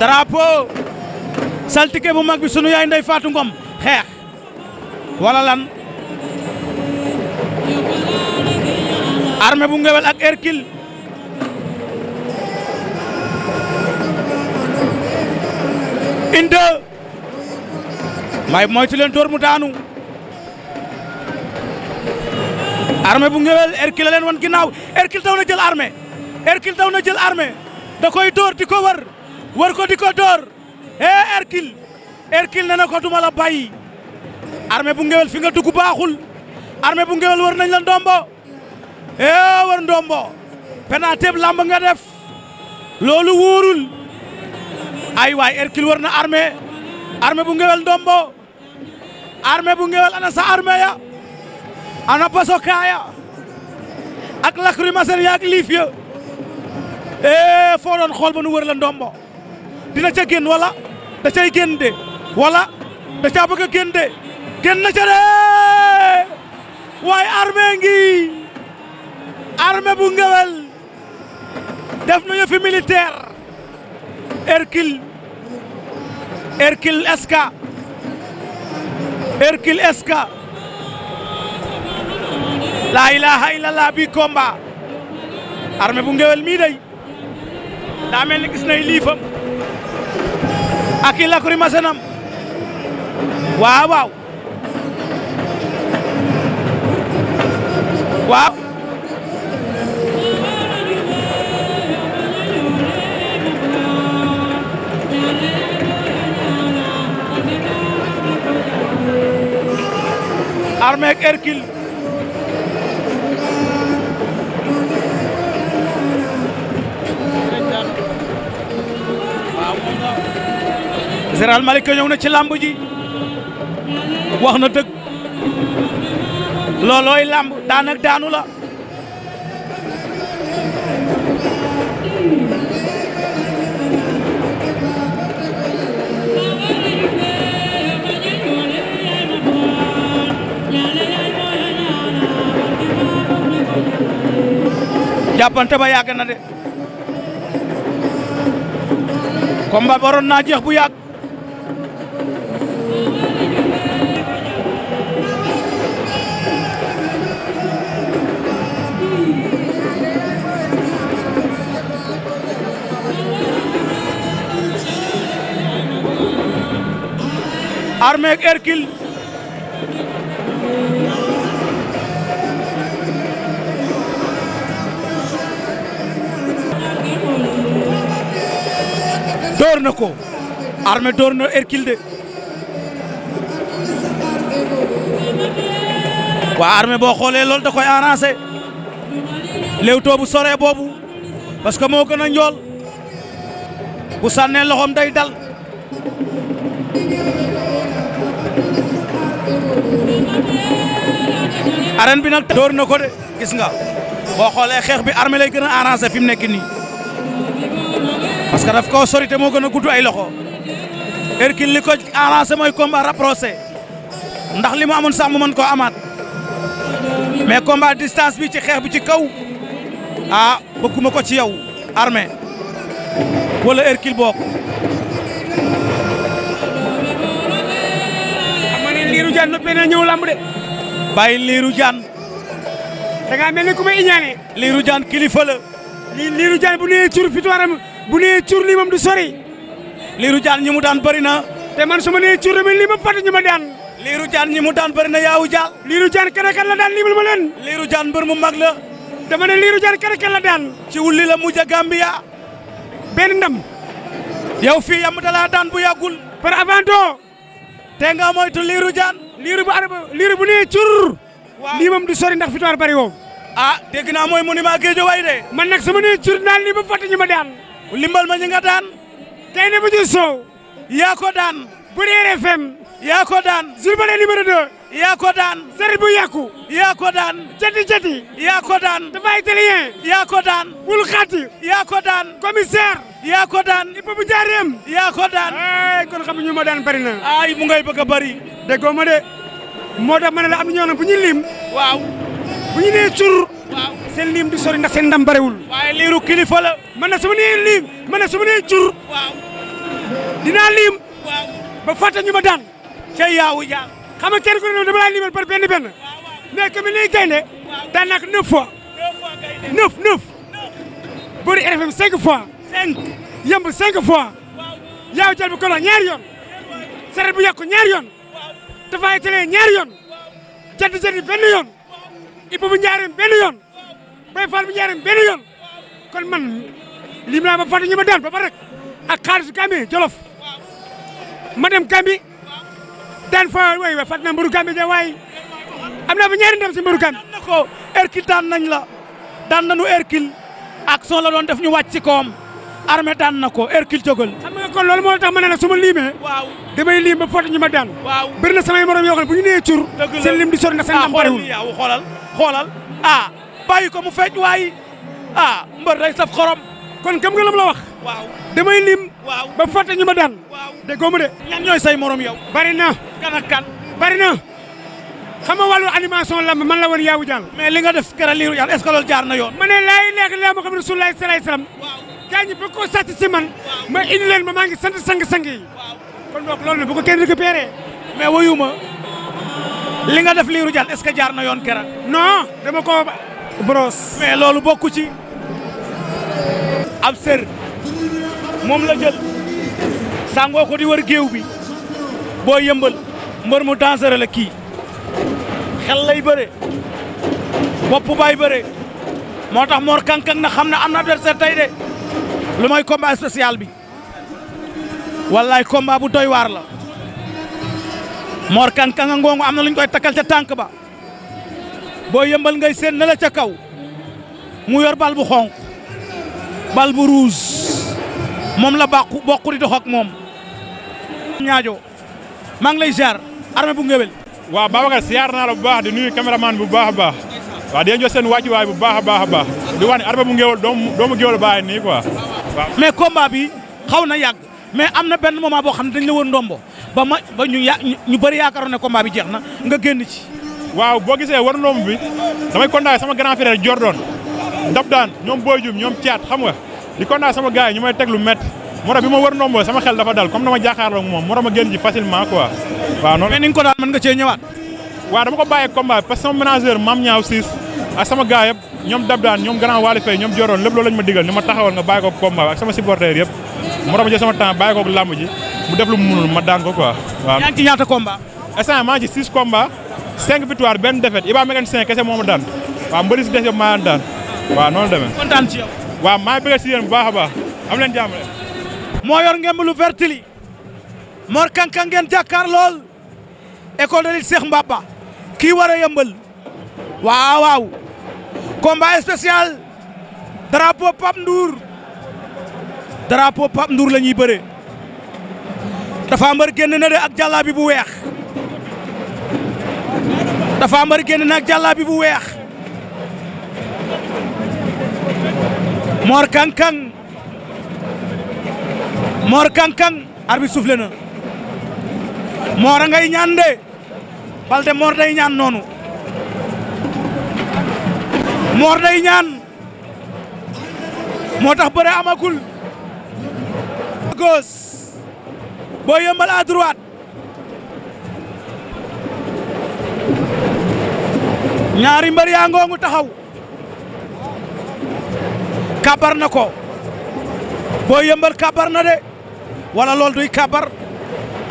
drapeau saltige bu mag bi sunu yaay ndey Fatou Ngom xeex wala lan armée bu ngewel ak Hercule inde may moytu leen door mu daanu armée bu ngewel Hercule leen wan ginnaaw Hercule daw na jël armée Hercule daw na jël armée da koy door di ko wër war ko di ko door eh Hercule na ko duma la bàyyi armée bu ngewel fi nga dugg baaxul armée bu ngewel war nañ la ndombo eh war ndombo penalty bi làmb nga def loolu wóorul ay waay Hercule na armée armée bu ngewel ndombo armée bu ngewel ana sa armée ya ana pasokaaya ak lacrymogène yaak liif ya eh foo doon xool nu wër la ndombo dina ca génn wala da cay génn de wala da caa bëgg de génn na ca de waaye armée ngi armée bu def nañu fi militaire Hercule Hercule SK Hercule SK laa ilaaha illallah bi combat armée bu ngewel mii day daa mel ni gis liifam akil la kuri masanam waaw waaw waaw Armée Général Malika ci làmb wax na dëgg loolooy làmb daan ak ba yàgg na de combat baroon naa jeex bu yàgg armée ak Hercule na ko armée door na de waa armée boo xoolee loolu da koy arrangé léewtoo bu sore boobu parce que moo gën a njool bu sànnee loxoom day dal arène bi nag door na ko de gis nga boo xoolee xeex bi armé lay gën a arrangé fi mu nekk nii parce que daf koo sori te moo gën a gudd ay loxo Hercule li ko arrangé mooy combat rapproché ndax li mu amoon sax mu mën koo amaat mais combat distance bi ci xeex bi ci kaw ah bëgguma ko ci yow armé walla Hercule bokk xam nga liiru jaan noppee na ñëw lamb de. bàyyi liiru jaan. da ngaa mel ni ku may liiru jaan kilifa la. lii liiru jaan bu nee cur fitwaram bu nee cur lii moom du sori. liiru jaan ñi mu daan bëri na. te man su ma nee cur dama lii ma fàtte ma daan. liiru jaan ñi mu daan bëri na yaawu ja. liiru jaan kan la daan liimal ma leen. liiru jaan mbër mu mag la. dama ne liiru jaan kan la daan. ci wulli la mujj a Gambia. benn ndam. yow fii yam bu yàggul. par avant tout. te nga liiru jaan. liiru bu liiru bu nee cur. waaw lii moom du sori ndax victoire bari woo. moy ah, dégg naa mooy monument Guédiawaye de. man nag sama nee cur naan lii ba fàtte ñu ma limbal ma ñi daan. tey bu ñu soow. yaa ko daan. bu dee yaa ko daan. Zulbale numéro yaa ko daan. sëriñ yaa ko daan. jati jati. yaa ko daan. dafa italien. yaa ko daan. bul yaa ko daan. i hop bu yaa ko daan. ay kon xamuñu ma daan bari na. ay mu ngay bëgg a bari. déggoo ma moo tax ma ne la am na ñoo xam bu ñu lim. bu ñu nee cur. waaw lim di sori ndax seen ndam barewul. waaye liiru kilifa la. man na su ma nee lim man na su ma nee cur. lim. ba fàtte ñu ma daan. ca yaawu jaar. xam nga kenn ku ne dama laa limal par benn benn. mais que mi lay gaynde. waaw daan naa ko neuf fois. neuf fois gaynde neuf cinq yëmb cinq fois yaaw jël bu kolo ñaari yoon saret bu yàqu ñaari yoon dafay tëlee ñaari yoon jënd jëndi yoon ibu bu njaarim benn yoon bay faal bu njaarim benn yoon kon man li ma ba daan ba rek ak xaalisu Gambie Jolof ma dem Gambie daan fa way way fàtte na mburu Gambie da waay naa fa ñaari ndam si mburu Gambie na ko Hercule daan nañ la daan nañu Hercule action la doon def ñu wàcc ci koom armée daan na ko Hercule jógal. xam nga kon loolu moo tax ma ne la su ma liimee. waaw damay liim ba foto ñu ma daan. waaw bëri na samay morom yoo xam ne bu ñu nee cur. seen lim di sori na seen ndam ah, bariwul ah xoolal ah, ko mu feeñ waaye ah mbër day saf xorom. kon kam nga lam la wax. waaw damay lim. waaw ba fàtte ñu ma daan. waaw déggoo ma de. ñan ñooy say morom yow. bari na kan ak kan. bari na. xam nga wàllu animation lamb man la woon yaawu jàll mais li nga def kera liiru jàll est ce que loolu jaar na yoon ma ne laayi leegi laa moo xam ne rasulullah sallallahu alayhi wasallam gaañ ba ko sàcc si man ma indi leen ma maa ngi sant sang-sang yi kon donc loolu na bu ko kenn récupéré mais wayuma li nga def liiru jàll ce que jaar na yoon kera non dama ko brosse mais loolu bokku ci ab sër moom la jël sàngoo ko di wër géew bi boo yëmbal mbër mu dangereux la kii xel lay bëre bopp bay bëre moo tax Mor Kang na xam na am na adversaire tey de lu mooy combat spécial bi wallaay combat bu doy waar la moor Kang Kang a ngoongu am na lu ñu koy takkal ca tànk ba boo yëmbal ngay seen na la ca kaw mu yor bal bu xonq bal bu rouge moom la bàqu bokku di dox moom ñaajo maa ngi lay ziar armée bu ngewel waaw Babacar siyaar naa la bu baax di nuyu caméraman bu baax a baax waaw di leen jox seen wàccuwaay bu baax baax a baax di wax ne arba bu ngéwal doomu doomu géwal bàyyi nii quoi waaw mais combat bi xaw na yàgg mais am na benn moment boo xam ne dañ la woon ndombo ba ma ba ñu ya ñu bëri yaakaaroon ne combat bi jeex na nga génn ci waaw boo gisee war ndomb bi damay kontaan sama grand frère Jordan Ndab daan ñoom Boy Dioum ñoom Thiat xam nga di kontaan sama gars yi ñu may teg lu métti moo tax bi ma wër ndombo sama xel dafa dal comme dama jàkkaarloo ak moom moo tax ma génn ci facilement quoi. waaw noonu mais ni nga ko daan mën nga dama ko bàyyi combat parce que sama manager Mame Niaw Ciss ak sama gars yëpp ñoom Dab Daan ñoom Grand Wali Faye ñoom Joroon lépp loolu ma digal ni ma taxawal nga bàyyi ko combat ak sama supporter yëpp moo tax ma jël sama temps bàyyi mu def lu ma daan ko quoi. waaw maa ngi ci 6 combats 5 a moo yor ngemb lu verti Mor Kang Kang ngeen jàkkaar lool école de lutte Cheikh Mbaba kii war a yëmbal waaw waaw combat spécial drapeau Pape Ndour drapeau Pape Ndour la ñuy bëree dafa mbër génn na de ak jàllaa bi bu weex dafa mbër génn na ak jàllaa bi bu weex Mor Kang Kang arbitre soufflé na Mor a ngay ñaan de Baldé Mor day ñaan noonu Mor day ñaan moo tax bare amakul à boo yëmbal à droite ñaari mbër taxaw kabar na ko boo yëmbal kabar de wala lool duy kàbbar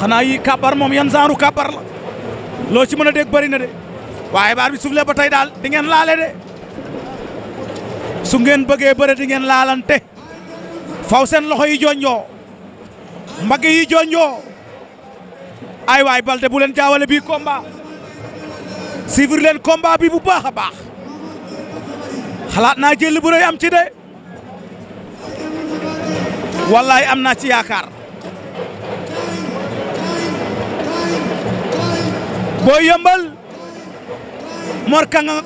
xanaa yi kàbbar moom yan genre kàbbar la ci mën a dégg bëri na de waaye baar bi suuf lee tey daal di ngeen laale de su ngeen bëggee bëre di ngeen laalante faw seen loxo yi jonjoo mbagg yi jonjoo ay waay Balde bu leen jaawale bii komba suivre leen combat bi bu baax a baax xalaat naa jël bu am ci de wallaay am naa ci yaakaar Boy Yeumbeul Mor Kanga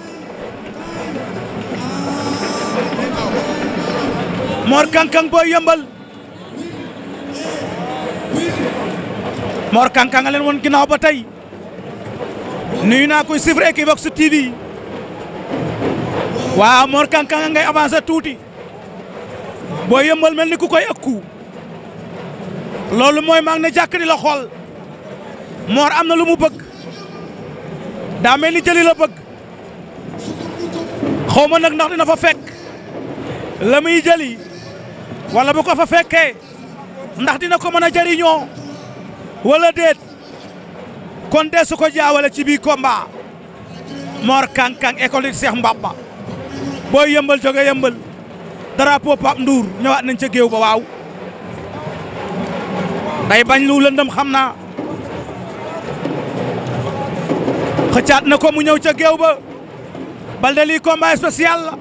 Mor Kang Kang Boy Yeumbeul Mor Kang Kang a leen woon ginnaaw ba tey nuyu naa koy suivre Equivox TV waaw Mor Kang Kang ngay avancer tuuti Boy yëmbal mel ni ku koy ëkku loolu mooy maa ngi ne jàkk di la xool Mor am na lu mu bëgg daa mel ni jëli la bëgg xawma ma nag ndax dina fa fekk la muy jëli walla bu ko fa fekkee ndax dina ko mën a jëriñoo walla déet kon de su ko jaawale ci biir combat Mor Kang Kang école Cheikh Mbaba booy yëmbal jóge yëmbal drapeau Pape Ndour ñëwaat nañ ca géew ba waaw day bañ lu lëndëm xam naa. xëcaat na ko mu ñëw ca géew ba Baldé lii combat spécial la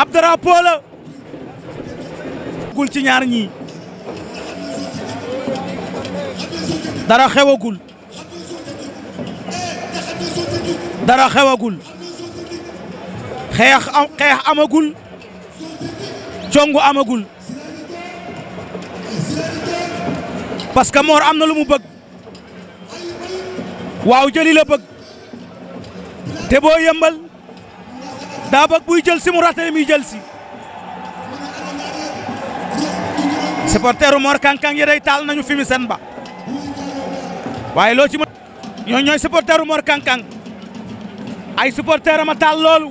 ab drapeau la gul ci ñaar ñii dara xewagul dara xewagul xeex am xeex amagul congu amagul parce que Mor am na lu mu bëgg waaw jëli la te boo yëmbal daa bëgg buy jël si mu raté muy jël si. supporteru Mor Kang Kang yi day taal nañu fi mi seen ba waaye loo ci mën ñooñu ñooy ay supporter ma taal loolu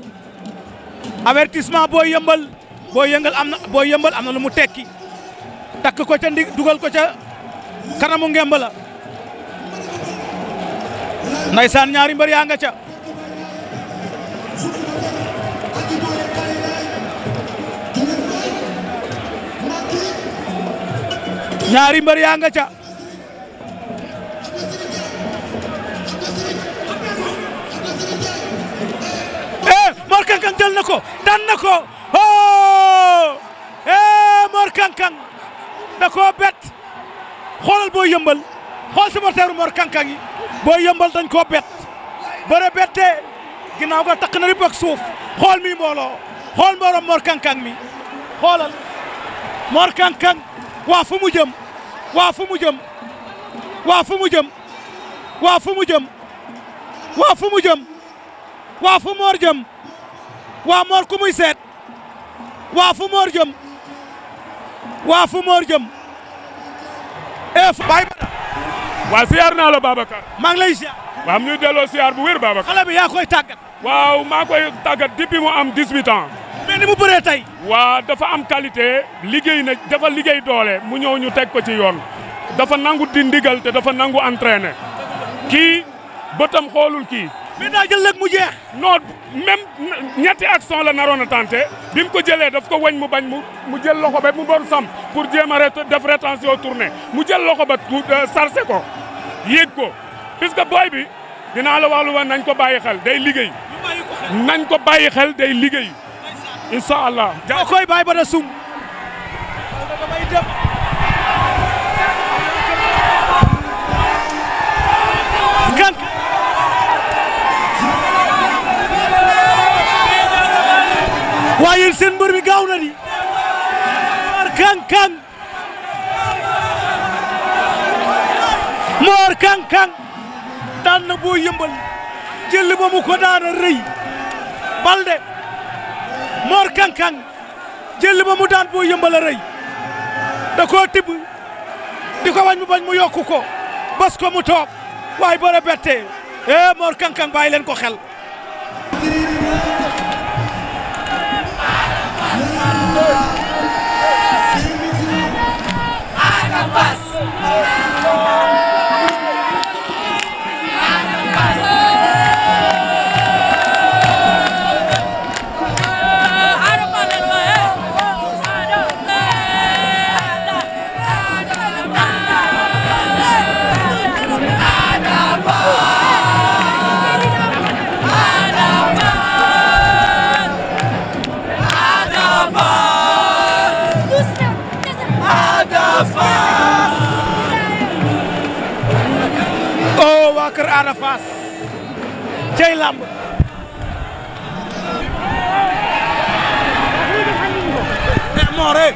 avertissement boo yëmbal boo yëngal am na boo yëmbal am na lu mu tekki takk ko ca ndig dugal ko ca kanamu ngemb ndaysaan ñaari mbër nga ca ñaari mbër yaa nga ca eh Mor Kang Kang jël na ko daan na ko oh eh Mor Kang Kang da koo bett boo yëmbal xool supporteru Mor Kang Kang yi booy yëmbal dañ koo bett bëre bettee ginnaaw nga takk na rib ak suuf xool mi mbooloo xool mbooloo Mor Kang Kang mi xoolal Mor Kang Kang waa fu mu jëm waa fu mu jëm waa fu mu jëm waa fu mu jëm waa fu mu jëm waa fu moor jëm waa moor ku muy seet waa fu moor jëm waa fu moor jëm e baay bara waa siyaar naa la Babacar. maa ngi lay siyaar. muy delloo siyaar bu wér Babacar. xale bi yaa koy tàggat. waaw maa koy tàggat depuis mu am 18 ans. mais ni mu bëree tey. waa dafa am qualité. liggéey na dafa liggéey doole mu ñëw ñu teg ko ci yoon. dafa nangu di te dafa nangu entraîner. kii bëtam xoolul kii. mais daa jël léegi mu jeex. non même ñetti son la naroon a tenté bi mu ko jëlee daf ko wañ mu bañ mu mu jël loxo ba mu doon sam pour jéem a def rétention tournée mu jël loxo ba tu euh, sarse ko yéeg ko puisque booy bi dinaa la wax lu nañ ko bàyyi xel day liggéey. nañ ko bàyyi xel day liggéey. incha allah. koy bàyyi ba da kang daan na boo yëmbal jël mu ko daana rëy balde moor kankang jël daan boo yëmbal a rëy da koo di ko bañ mu bañ mu yokku ko bas ko mu toog waaye bëre bettee eh moor kankang bàyyi leen ko xel Bas! cey làmb eh, Mor eh.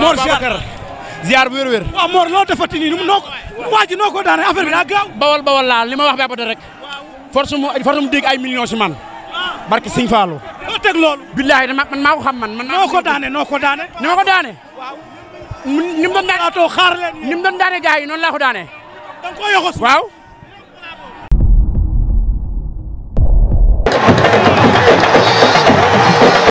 Mor Ziar ziar bu wér-wér. waaw Mor loo defati nii noo ko waa ji noo ko daanee affaire bi daa gaaw. bawal bawal laa li ma wax ba rek force mu force mu dégg ay millions si man ah. barke Sëñ Fallou. loo teg loolu. xam man. man noo daane noo daane. ni ma ko daane. ni mu doon daane. waaw.